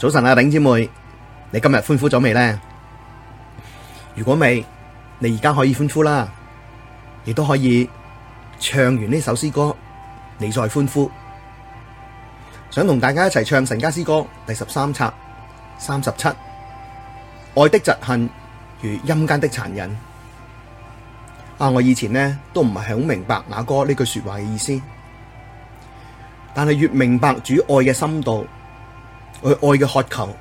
早晨啊，頂姐妹，你今日歡呼咗未呢？如果未，你而家可以歡呼啦，亦都可以唱完呢首詩歌，你再歡呼。想同大家一齊唱神家詩歌第十三冊三十七，愛的嫉恨如陰間的殘忍。啊，我以前呢都唔係好明白雅歌呢句說話嘅意思，但係越明白主愛嘅深度。去愛嘅渴求，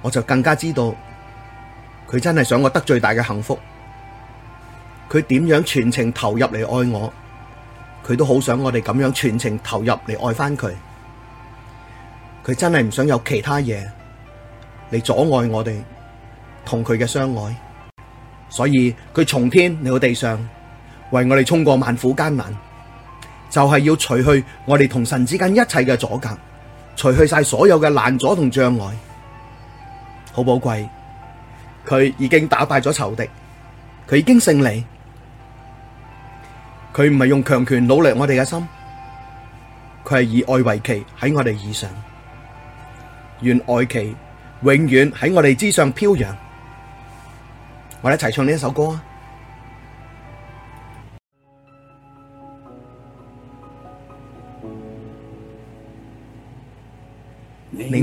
我就更加知道佢真係想我得最大嘅幸福。佢點樣全程投入嚟愛我，佢都好想我哋咁樣全程投入嚟愛返佢。佢真係唔想有其他嘢嚟阻礙我哋同佢嘅相愛。所以佢從天嚟到地上，為我哋衝過萬苦艱難，就係要除去我哋同神之間一切嘅阻隔。除去晒所有嘅攔阻同障礙，好寶貴。佢已經打敗咗仇敵，佢已經勝利。佢唔係用強權擄掠我哋嘅心，佢係以愛為旗喺我哋以上。願愛旗永遠喺我哋之上飄揚。我哋一齊唱呢一首歌啊！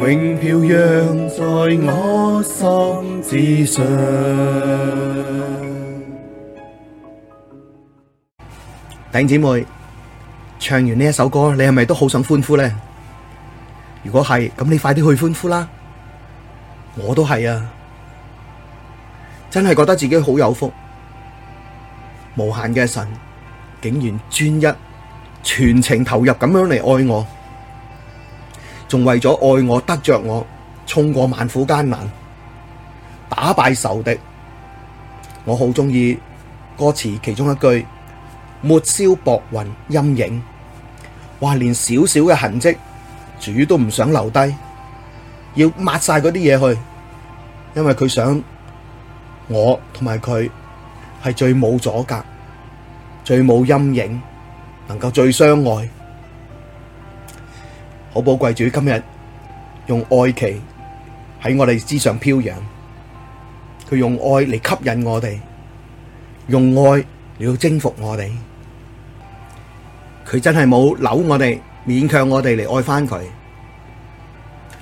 永飄揚在我心之上。頂姐妹唱完呢一首歌，你係咪都好想歡呼呢？如果係，咁你快啲去歡呼啦！我都係啊，真係覺得自己好有福，無限嘅神竟然專一、全情投入咁樣嚟愛我。仲為咗愛我得着，我，衝過萬苦艱難，打敗仇敵。我好中意歌詞其中一句：抹消薄雲陰影。哇！連少少嘅痕跡，主都唔想留低，要抹晒嗰啲嘢，去，因為佢想我同埋佢係最冇阻隔、最冇陰影，能夠最相愛。好寶貴，主今日用愛旗喺我哋之上飄揚，佢用愛嚟吸引我哋，用愛嚟征服我哋，佢真係冇扭我哋，勉強我哋嚟愛返佢。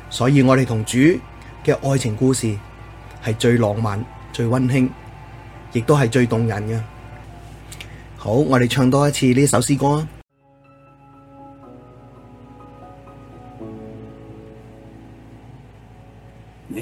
所以，我哋同主嘅愛情故事係最浪漫、最溫馨，亦都係最動人嘅。好，我哋唱多一次呢首詩歌啊！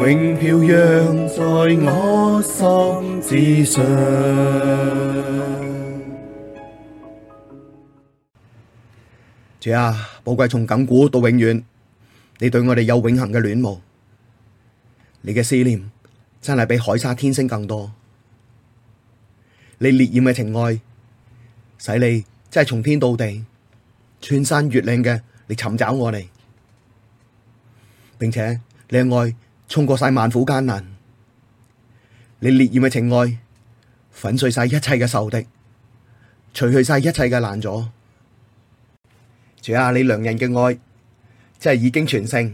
永飄揚在我心之上。主啊，寶貴從亙古到永遠，你對我哋有永恒嘅戀慕，你嘅思念真係比海沙、天星更多。你烈焰嘅情愛，使你真係從天到地、穿山越嶺嘅嚟尋找我哋，並且你嘅愛。衝過晒萬苦艱難，你烈焰嘅情愛粉碎晒一切嘅仇敵，除去晒一切嘅攔阻。主啊，你良人嘅愛即係已經全勝，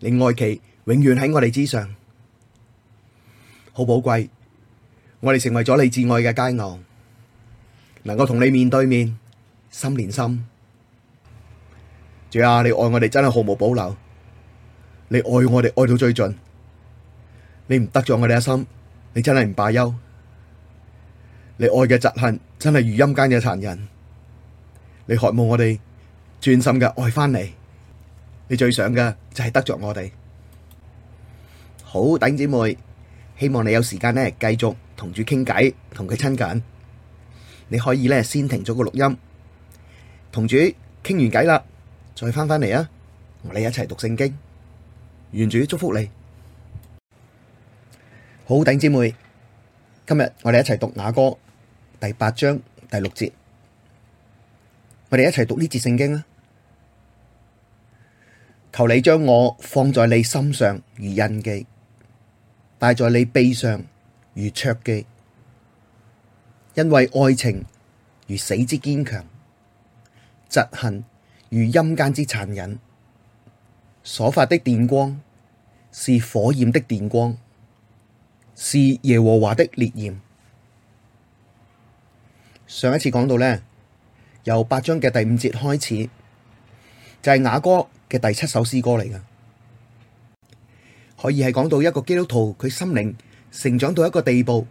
你愛旗永遠喺我哋之上，好寶貴。我哋成為咗你至愛嘅佳偶，能夠同你面對面、心連心。主啊，你愛我哋真係毫無保留。你愛我哋愛到最盡，你唔得着我哋嘅心，你真係唔罷休。你愛嘅疾恨真係如陰間嘅殘忍，你渴望我哋專心嘅愛翻嚟。你最想嘅就係、是、得着我哋。好，弟兄姐妹，希望你有時間呢，繼續同主傾偈，同佢親近。你可以呢先停咗個錄音，同主傾完偈啦，再翻返嚟啊，我哋一齊讀聖經。願主祝福你，好頂姐妹。今日我哋一齊讀雅歌第八章第六節，我哋一齊讀呢節聖經啦。求你將我放在你心上如印記，帶在你臂上如戳記，因為愛情如死之堅強，嫉恨如陰間之殘忍。所發的電光是火焰的電光，是耶和華的烈焰。上一次講到呢，由八章嘅第五節開始，就係雅歌嘅第七首詩歌嚟㗎。可以係講到一個基督徒佢心靈成長到一個地步，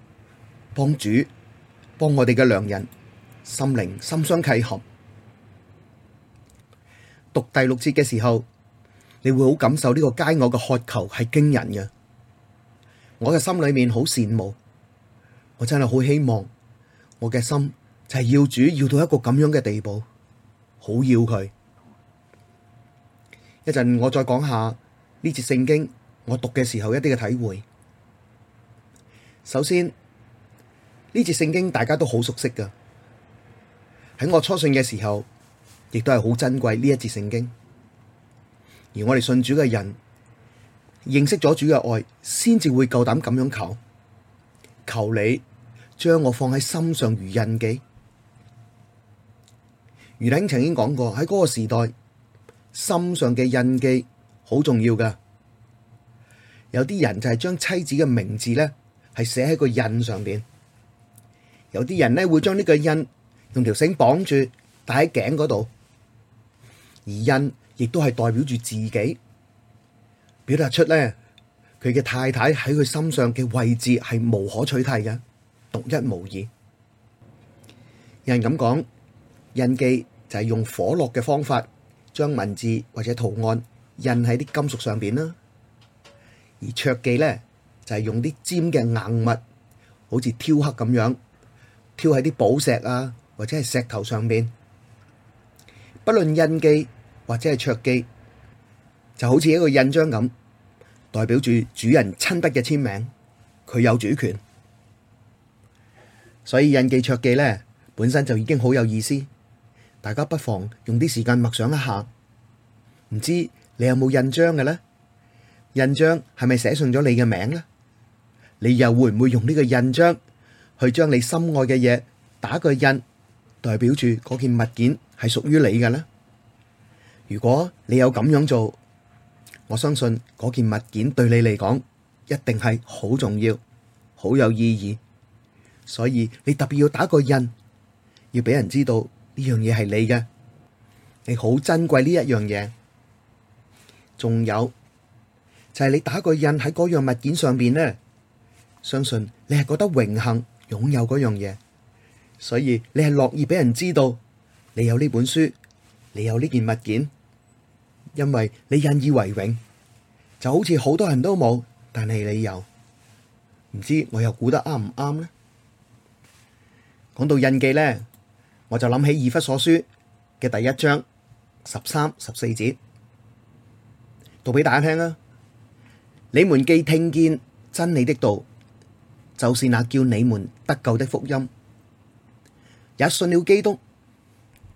幫主幫我哋嘅良人心靈心相契合。讀第六節嘅時候。你會好感受呢個佳偶嘅渴求係驚人嘅，我嘅心裏面好羨慕，我真係好希望我嘅心就係要主要到一個咁樣嘅地步，好要佢。一陣我再講下呢節聖經，我讀嘅時候一啲嘅體會。首先，呢節聖經大家都好熟悉噶，喺我初信嘅時候，亦都係好珍貴呢一節聖經。而我哋信主嘅人，認識咗主嘅愛，先至會夠膽咁樣求，求你將我放喺心上如印記。余玲曾經講過喺嗰個時代，心上嘅印記好重要噶。有啲人就係將妻子嘅名字咧，係寫喺個印上邊。有啲人咧會將呢個印用條繩綁住，戴喺頸嗰度，而印。亦都係代表住自己，表達出咧，佢嘅太太喺佢心上嘅位置係無可取替嘅，獨一無二。有人咁講，印記就係用火烙嘅方法將文字或者圖案印喺啲金屬上邊啦。而戳記咧就係用啲尖嘅硬物，好似挑黑咁樣，挑喺啲寶石啊或者係石頭上邊。不論印記。或者係戳記，就好似一個印章咁，代表住主人親筆嘅簽名，佢有主權。所以印記戳記咧，本身就已經好有意思。大家不妨用啲時間默想一下，唔知你有冇印章嘅咧？印章係咪寫上咗你嘅名咧？你又會唔會用呢個印章去將你心愛嘅嘢打個印，代表住嗰件物件係屬於你嘅咧？如果你有咁樣做，我相信嗰件物件對你嚟講一定係好重要、好有意義，所以你特別要打個印，要俾人知道呢樣嘢係你嘅，你好珍貴呢一樣嘢。仲有就係你打個印喺嗰樣物件上邊呢，相信你係覺得榮幸擁有嗰樣嘢，所以你係樂意俾人知道你有呢本書，你有呢件物件。因為你引以為榮，就好似好多人都冇，但係你有，唔知我又估得啱唔啱呢？講到印記呢，我就諗起《以弗所書》嘅第一章十三、十四節，讀俾大家聽啦。你們既聽見真理的道，就是那叫你們得救的福音，也信了基督，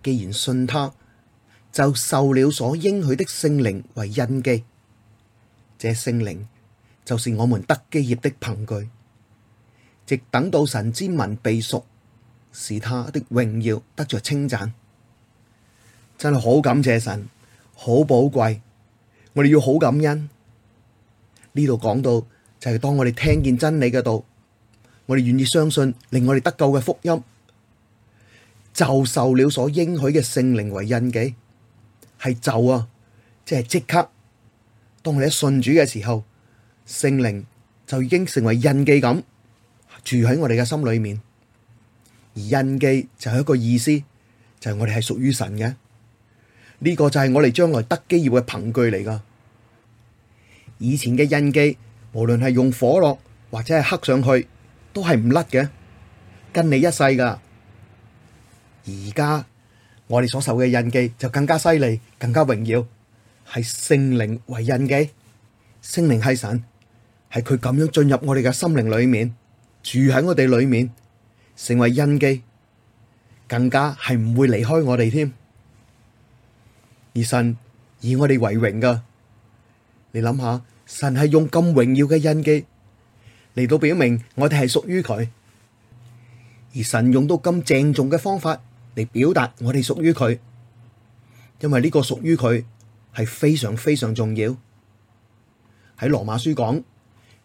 既然信他。就受了所應許的聖靈為印記，這聖靈就是我們得基業的憑據。直等到神之民被贖，使他的榮耀得着稱讚。真係好感謝神，好寶貴，我哋要好感恩。呢度講到就係、是、當我哋聽見真理嘅道，我哋願意相信令我哋得救嘅福音，就受了所應許嘅聖靈為印記。係就啊，即係即刻。當你喺信主嘅時候，聖靈就已經成為印記咁住喺我哋嘅心裏面。而印記就係一個意思，就係我哋係屬於神嘅。呢個就係我哋將來得基業嘅憑據嚟㗎。以前嘅印記，無論係用火落或者係刻上去，都係唔甩嘅，跟你一世㗎。而家。我哋所受嘅印記就更加犀利，更加榮耀，係聖靈為印記。聖靈係神，係佢咁樣進入我哋嘅心靈裏面，住喺我哋裏面，成為印記，更加係唔會離開我哋添。而神以我哋為榮㗎，你諗下，神係用咁榮耀嘅印記嚟到表明我哋係屬於佢，而神用到咁鄭重嘅方法。嚟表達我哋屬於佢，因為呢個屬於佢係非常非常重要。喺羅馬書講，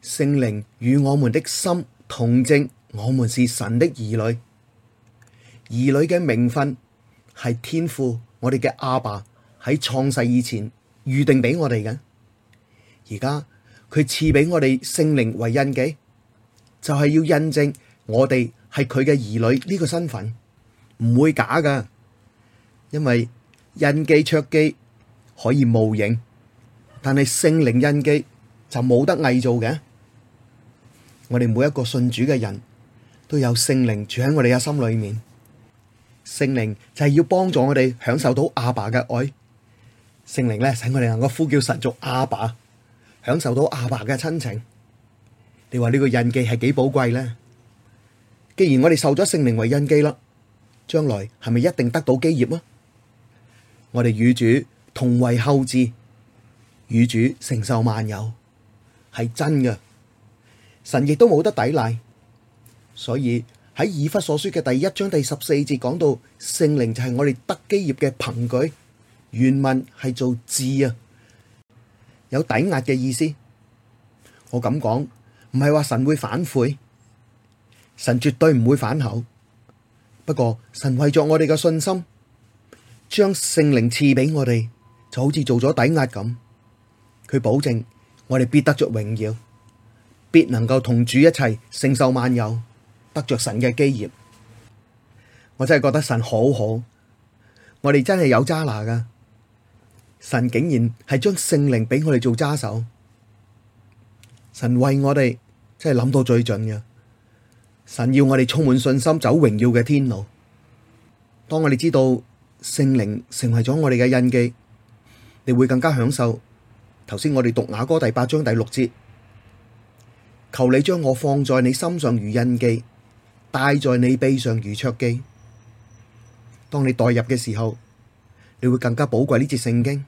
聖靈與我們的心同證，我們是神的兒女。兒女嘅名分係天父我哋嘅阿爸喺創世以前預定俾我哋嘅，而家佢賜俾我哋聖靈為印記，就係、是、要印證我哋係佢嘅兒女呢個身份。唔會假噶，因為印記、戳記可以模型，但係聖靈印記就冇得偽造嘅。我哋每一個信主嘅人都有聖靈住喺我哋嘅心裏面，聖靈就係要幫助我哋享受到阿爸嘅愛，聖靈咧使我哋能夠呼叫神做阿爸，享受到阿爸嘅親情。你話呢個印記係幾寶貴咧？既然我哋受咗聖靈為印記啦。將來係咪一定得到基業啊？我哋與主同為後嗣，與主承受萬有，係真嘅。神亦都冇得抵賴。所以喺以弗所書嘅第一章第十四節講到，聖靈就係我哋得基業嘅憑據。原文係做字啊，有抵押嘅意思。我咁講，唔係話神會反悔，神絕對唔會反口。不過神為咗我哋嘅信心，將聖靈賜俾我哋，就好似做咗抵押咁。佢保證我哋必得著榮耀，必能夠同主一齊承受萬有，得着神嘅基業。我真係覺得神好好，我哋真係有渣拿噶。神竟然係將聖靈俾我哋做揸手，神為我哋真係諗到最盡。嘅神要我哋充滿信心走榮耀嘅天路。當我哋知道聖靈成為咗我哋嘅印記，你會更加享受剛剛。頭先我哋讀雅歌第八章第六節，求你將我放在你心上如印記，帶在你臂上如戳記。當你代入嘅時候，你會更加寶貴呢節聖經。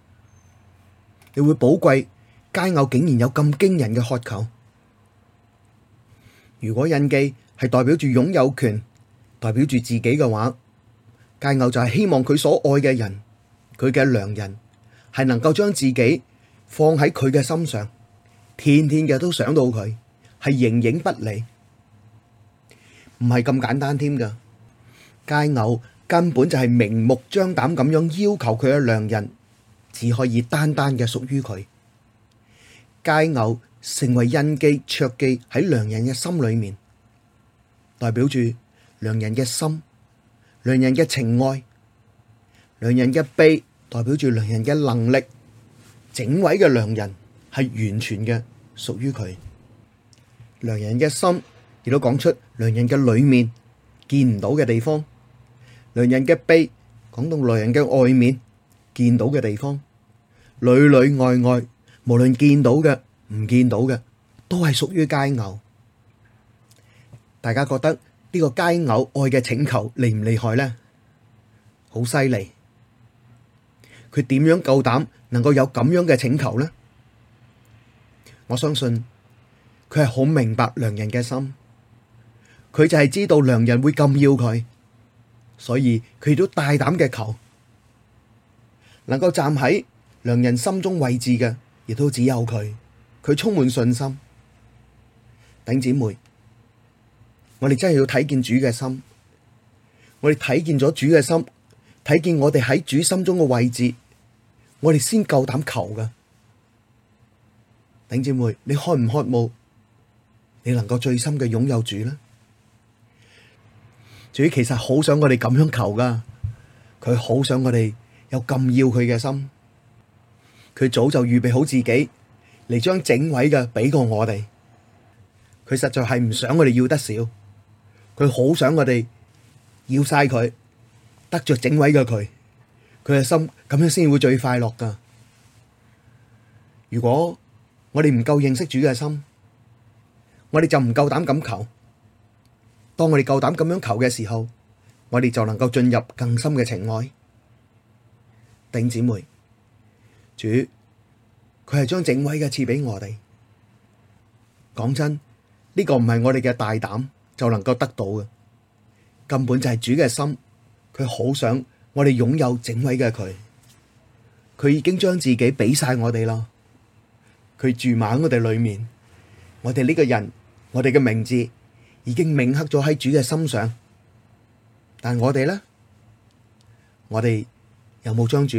你會寶貴佳偶竟然有咁驚人嘅渴求。如果印記。係代表住擁有權，代表住自己嘅話，佳偶就係希望佢所愛嘅人，佢嘅良人係能夠將自己放喺佢嘅心上，天天嘅都想到佢，係形影不離，唔係咁簡單添㗎。佳偶根本就係明目張膽咁樣要求佢嘅良人只可以單單嘅屬於佢，佳偶成為印記、戳記喺良人嘅心裏面。代表住良人嘅心，良人嘅情愛，良人嘅臂，代表住良人嘅能力。整位嘅良人係完全嘅屬於佢。良人嘅心，亦都講出良人嘅裏面見唔到嘅地方。良人嘅臂，講到良人嘅外面見到嘅地方。裏裏外外，無論見到嘅唔見到嘅，都係屬於佳偶。大家覺得呢個佳偶愛嘅請求厲唔厲害呢？好犀利！佢點樣夠膽能夠有咁樣嘅請求呢？我相信佢係好明白良人嘅心，佢就係知道良人會咁要佢，所以佢都大膽嘅求，能夠站喺良人心中位置嘅，亦都只有佢。佢充滿信心，等姐妹。我哋真係要睇見主嘅心，我哋睇見咗主嘅心，睇見我哋喺主心中嘅位置，我哋先夠膽求㗎。頂姐妹，你渴唔渴望你能夠最深嘅擁有主呢？主其實好想我哋咁樣求㗎，佢好想我哋有咁要佢嘅心，佢早就預備好自己嚟將整位嘅俾過我哋，佢實在係唔想我哋要得少。佢好想我哋要晒佢，得著整位嘅佢，佢嘅心咁樣先會最快樂噶。如果我哋唔夠認識主嘅心，我哋就唔夠膽咁求。當我哋夠膽咁樣求嘅時候，我哋就能夠進入更深嘅情愛。頂姊妹，主佢係將整位嘅賜俾我哋。講真，呢個唔係我哋嘅大膽。就能夠得到嘅，根本就係主嘅心，佢好想我哋擁有整位嘅佢，佢已經將自己俾晒我哋啦，佢住埋我哋裏面，我哋呢個人，我哋嘅名字已經銘刻咗喺主嘅心上，但我哋咧，我哋有冇將主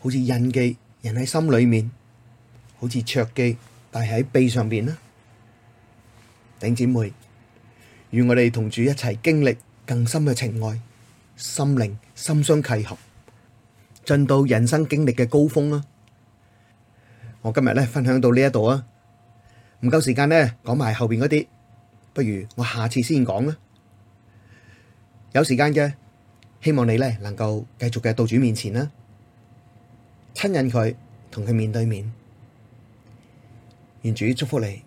好似印記印喺心裏面，好似戳記，但係喺臂上邊呢？頂姐妹。與我哋同主一齊，經歷更深嘅情愛，心靈心相契合，進到人生經歷嘅高峰啦，啊！我今日咧分享到呢一度啊，唔夠時間咧講埋後邊嗰啲，不如我下次先講啦。有時間嘅，希望你咧能夠繼續嘅到主面前啦，啊，親近佢，同佢面對面，願主祝福你。